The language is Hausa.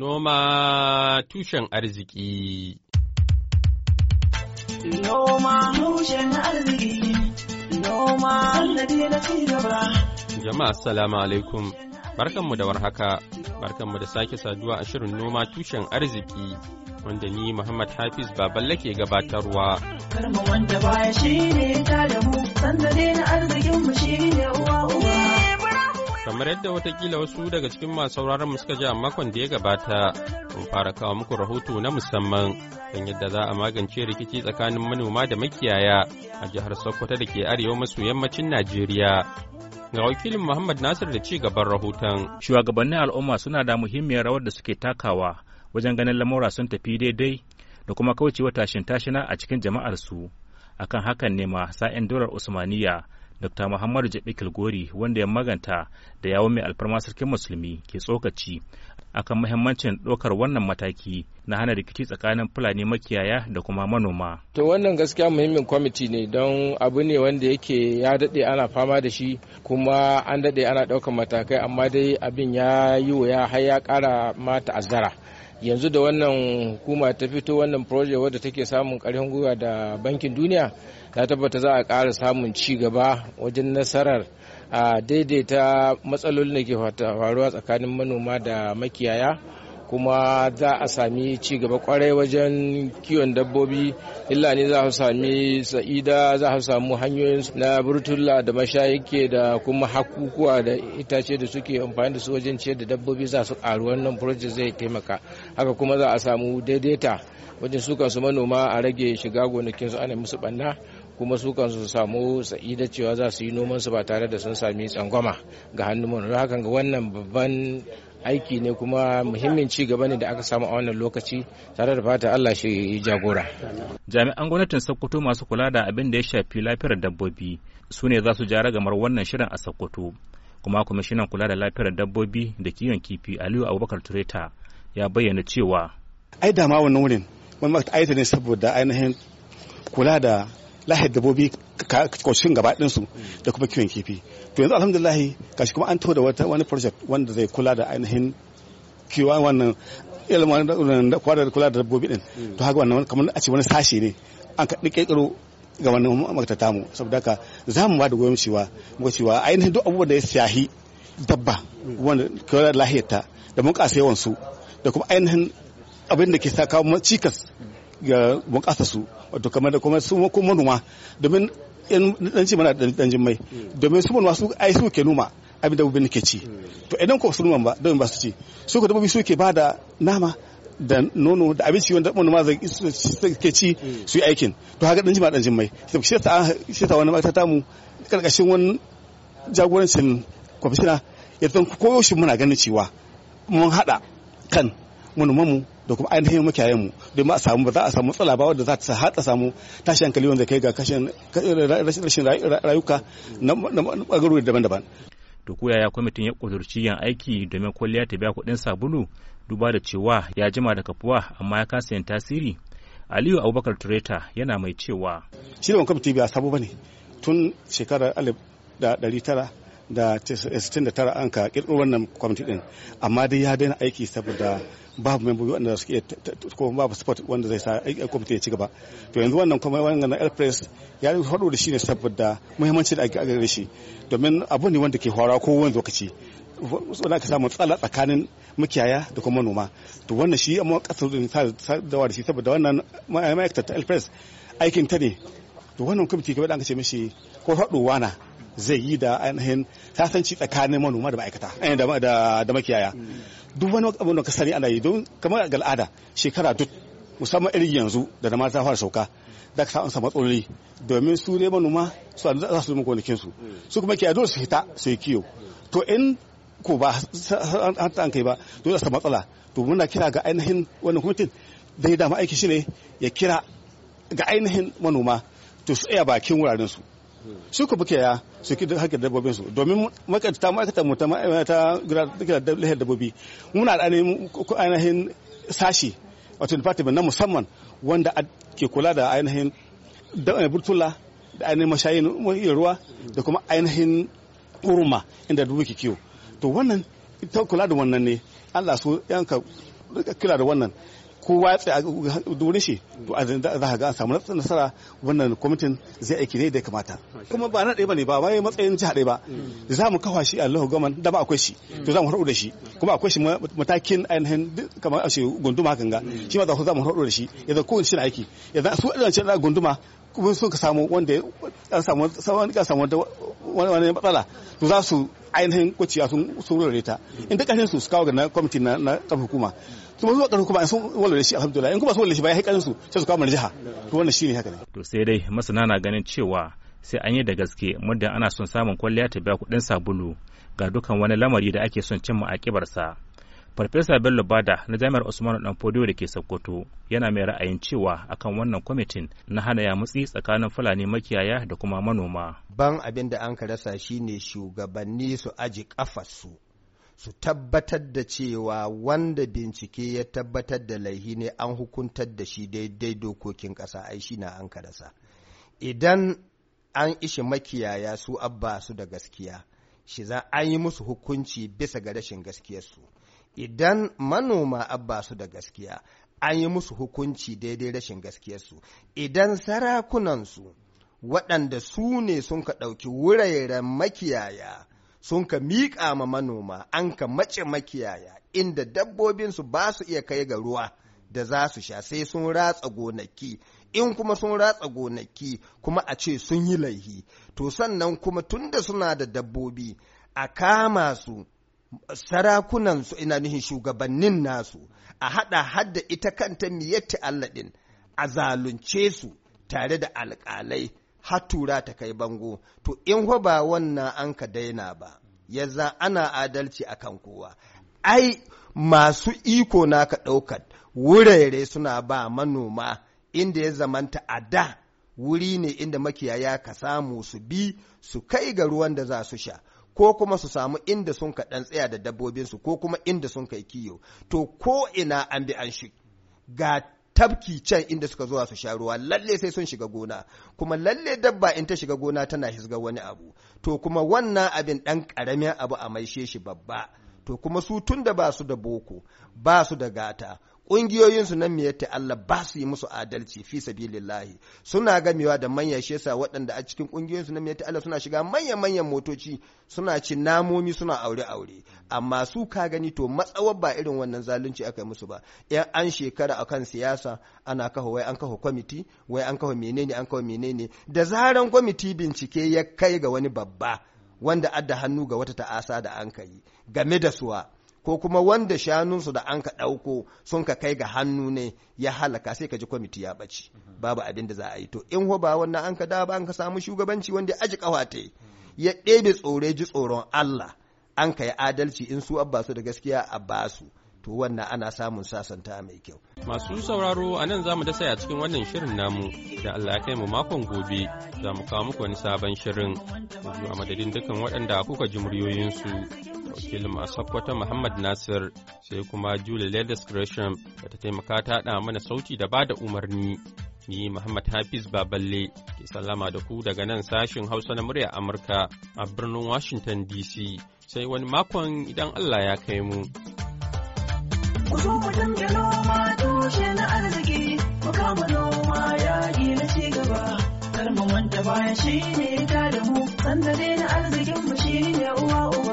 Noma tushen arziki. Noma tushen arziki. Noma na ci gaba. Jama'a salamu alaikum. Barkanmu da warhaka. Barkanmu da sake saduwa a shirin noma tushen arziki. Wanda ni Muhammad Hafiz Baballe ke gabatarwa. Karma wanda baya shi ne ta da mu, sanda na arzikinmu shi ne uwa uwa. kamar yadda watakila wasu daga cikin masu sauraron mu suka ji a makon da ya gabata mun fara kawo muku rahoto na musamman kan yadda za a magance rikici tsakanin manoma da makiyaya a jihar sokoto da ke arewa maso yammacin najeriya ga wakilin muhammad nasir da ci gaban rahoton shugabannin al'umma suna da muhimmiyar rawar da suke takawa wajen ganin lamura sun tafi daidai da kuma kaucewa tashin tashina a cikin jama'ar su akan hakan ne ma sa'in dolar usmaniya dr muhammadu jabi Gori wanda ya maganta da yawon mai alfarma sarkin musulmi ke tsokaci akan muhimmancin ɗaukar wannan mataki na hana rikici tsakanin fulani makiyaya da kuma manoma to wannan gaskiya muhimmin kwamiti ne don abu ne wanda yake ya daɗe ana fama da shi kuma an daɗe ana ɗaukar matakai amma dai abin ya yi wuya har ya ƙara ma ta'azzara yanzu da wannan hukuma ta fito wannan proje wadda take samun karfin gwiwa da bankin duniya na tabbata za a ƙara samun ci gaba wajen nasarar a daidaita matsalolin da ke faruwa tsakanin manoma da makiyaya kuma za a sami ci gaba kwarai wajen kiwon dabbobi illa ne za a sami sa'ida za a samu hanyoyin na burtula da mashayike da kuma hakukuwa da itace da suke amfani da su wajen ciyar da dabbobi za su karu wannan project zai taimaka haka kuma za a samu daidaita wajen su kansu manoma a rage shiga su ana musu banna kuma su kansu samu sa'ida cewa za su yi nomansu ba tare da sun sami tsangwama ga hannun manoma hakan ga wannan babban aiki ne kuma muhimmin ci gaba ne da aka samu a wannan lokaci tare da fata Allah shi yi jagora. Jami'an gwamnatin Sokoto masu kula da abin da ya shafi lafiyar dabbobi su ne za su ja ragamar wannan shirin a Sokoto. Kuma kwamishinan kula da lafiyar dabbobi da kiwon kifi Aliyu Abubakar Tureta ya bayyana cewa. Ai dama wannan wurin wani aita ne saboda ainihin kula da lahiyar dabbobi kwashin gaba ɗinsu da kuma kiwon kifi to yanzu alhamdulillahi gashi kuma an to da wani project wanda zai kula da ainihin kiwon wannan ilimin da kwadar kula da dabbobi din mm. to haka wannan kamar a ce wani sashi ne an ka kirkiro ga wannan makata tamu saboda haka za mu ba da goyon cewa muka cewa ainihin duk abubuwan da ya shahi dabba mm. wanda kula da lahiyarta da bunƙasa yawan su da kuma ainihin abin da ke sa kawo cikas ga bunƙasa su wato kamar da kuma su kuma manoma domin dan ci mana dan jin mai domin su manoma su ai su ke noma abin da bubin ke ci to idan ko su noma ba domin ba su ci su ko dabbobi su ke da nama da nono da abinci wanda manoma zai ke ci su yi aikin to haka dan mai dan jin mai shi ta shi ta wani mata tamu karkashin wani jagorancin kwamishina ya zan koyo shi muna ganin cewa mun hada kan mu da kuma ainihin makiyayen mu don domin a samu ba za a samu matsala ba wadda za ta hada samu tashi hankali wanda kai ga rashin rayuka na daban-daban to ko yaya kwamitin ya kudurci yan aiki domin kwalliya ta biya kuɗin sabulu duba da cewa ya jima da kafuwa amma ya kasa yin tasiri aliyu abubakar tureta yana mai cewa shi da kwamitin ba sabo bane tun shekarar alif da ɗari tara da 69 an ka kirkiro wannan kwamiti din amma dai ya daina aiki saboda babu membobi wanda suke iya ko babu support wanda zai sa aiki kwamiti ya ci gaba to yanzu wannan kuma wannan air press ya faɗo da shi ne saboda muhimmanci da ake gare shi domin abu ne wanda ke hora ko wani lokaci wanda aka samu tsala tsakanin makiyaya da kuma manoma to wannan shi amma kasar da ta da shi saboda wannan ma'aikatar ta aikin ta ne to wannan kwamiti gaba da an ce mishi ko faɗowa na zai yi da ainihin sasanci tsakanin manoma da ma'aikata eh, da makiyaya duk wani abin da ka sani ana yi don kamar ga al'ada shekara duk musamman irin yanzu da da mata fara sauka da ka sa'unsa matsaloli domin su ne manoma su za su nemi gonakin su su kuma kiyaye dole su fita su yi kiyo to in ko ba an ta kai ba dole su matsala to muna kira ga ainihin wannan kwamitin da ya dama aiki shi ne ya kira ga ainihin manoma to su iya bakin wuraren su su ku buke ya su ki haƙƙin dabbobin su domin ma'aikata ma'aikata mu ta ma'aikata lahiyar dabbobi muna da ainihin sashi wato department na musamman wanda ke kula da ainihin eh, burtula da ainihin mashayin ruwa da kuma ainihin urma inda dubu ke kiwo to wannan ita kula da wannan ne Allah su yanka kula da wannan ko watsa a durin shi to a za ka ga an samu nasara wannan kwamitin zai aiki ne da kamata kuma ba na ɗaya ba ne ba wai matsayin jiha ɗaya ba za mu kafa shi Allahu gaman da ba akwai shi to za mu haɗu da shi kuma akwai shi matakin ainihin kamar a shi gunduma hakan ga shi ma za mu haɗu da shi yadda kowace shi na aiki yadda su ɗan gunduma kuma su ka samu wanda ya samu ka samu wani matsala to za su ainihin kwaciya sun rurare ta in ta kashin su su kawo ga na kwamitin na hukuma kuma zuwa ƙarfi kuma sun da shi alhamdulillah in kuma sun walwale shi ba ya su sai su kama jiha to wannan shine haka ne to sai dai masana na ganin cewa sai an yi da gaske muddin ana son samun kwalliya ta biya kuɗin sabulu ga dukkan wani lamari da ake son cimma a kibarsa farfesa bello bada na jami'ar usmanu dan fodiyo da ke sokoto yana mai ra'ayin cewa akan wannan kwamitin na hana ya mutsi tsakanin fulani makiyaya da kuma manoma ban abin da an ka rasa shine shugabanni su aji kafa su. su tabbatar da cewa wanda bincike ya tabbatar da laihi ne an hukuntar da shi daidai dokokin ƙasa ai shi na an karasa idan an ishi makiyaya su abba su da gaskiya shi za an yi musu hukunci bisa ga rashin gaskiyarsu idan manoma abba su da gaskiya an yi musu hukunci daidai rashin gaskiyarsu idan sarakunansu waɗanda su ne sun ka ɗauki wuraren makiyaya sun ka miƙa ma manoma an ka mace makiyaya inda dabbobinsu ba su iya kai ga ruwa da za su sha sai sun ratsa gonaki in kuma sun ratsa gonaki kuma a ce sun yi laihi to sannan kuma tunda suna da dabbobi a kama su sarakunansu ina nihin shugabannin nasu a haɗa hadda ita kanta miyatti Allah din a zalunce su tare da alƙalai hatura ta kai bango to in ba wannan an ka daina ba yanzu ana adalci akan kowa ai masu iko na ka ɗaukar wurare suna ba manoma inda ya zamanta a da wuri ne inda makiyaya ka samu su bi su kai ga ruwan da za su sha ko kuma su samu inda sun ka ɗan tsaya da dabbobinsu ko kuma inda sun kai kiyo to ko ina an bi an shi ga Tabki can inda suka zuwa su sha ruwa lalle sai sun shiga gona kuma lalle dabba in ta shiga gona tana hisga wani abu to kuma wannan abin ɗan karamin abu a maishe shi babba to kuma su tun da ba su da boko ba su da gata ƙungiyoyin su nan miyatta Allah ba su yi musu adalci fi sabilillahi suna gamewa da manyan shesa waɗanda a cikin ƙungiyoyin su nan miyatta Allah suna shiga manyan manyan motoci suna ci namomi suna aure aure amma su ka gani to matsawar ba irin wannan zalunci aka yi musu ba yan an shekara akan siyasa ana kawo wai an kawo kwamiti wai an kawo menene an kawo menene da zaran kwamiti bincike ya kai ga wani babba wanda adda hannu ga wata ta'asa da an kai game da suwa ko kuma wanda shanunsu da an ka ɗauko sun ka kai ga hannu ne ya halaka sai ka ji kwamiti ya ɓaci babu abin da za a yi to in ho ba wannan an ka da ba an ka samu shugabanci wanda aji ƙawate ya ɗebe tsore ji tsoron Allah an ka yi adalci in su abba su da gaskiya a basu to wannan ana samun sasanta mai kyau. Masu sauraro a nan za mu dasa a cikin wannan shirin namu da Allah ya kai mu makon gobe za mu kawo muku wani sabon shirin yanzu a madadin dukkan waɗanda kuka ji muryoyinsu wakilin a Sokoto Muhammad Nasir sai kuma Julie Ladis Gresham da ta taimaka ta haɗa mana sauti da bada umarni. Ni Muhammad Hafiz Baballe ke sallama da ku daga nan sashin Hausa na murya Amurka a birnin Washington DC sai wani makon idan Allah ya kai mu. ku zo mu dinga noma tushe na arziki mu kama noma yaƙi na ci gaba kar mu manta baya shine ta da mu sandare na arzikin mu shine uwa uba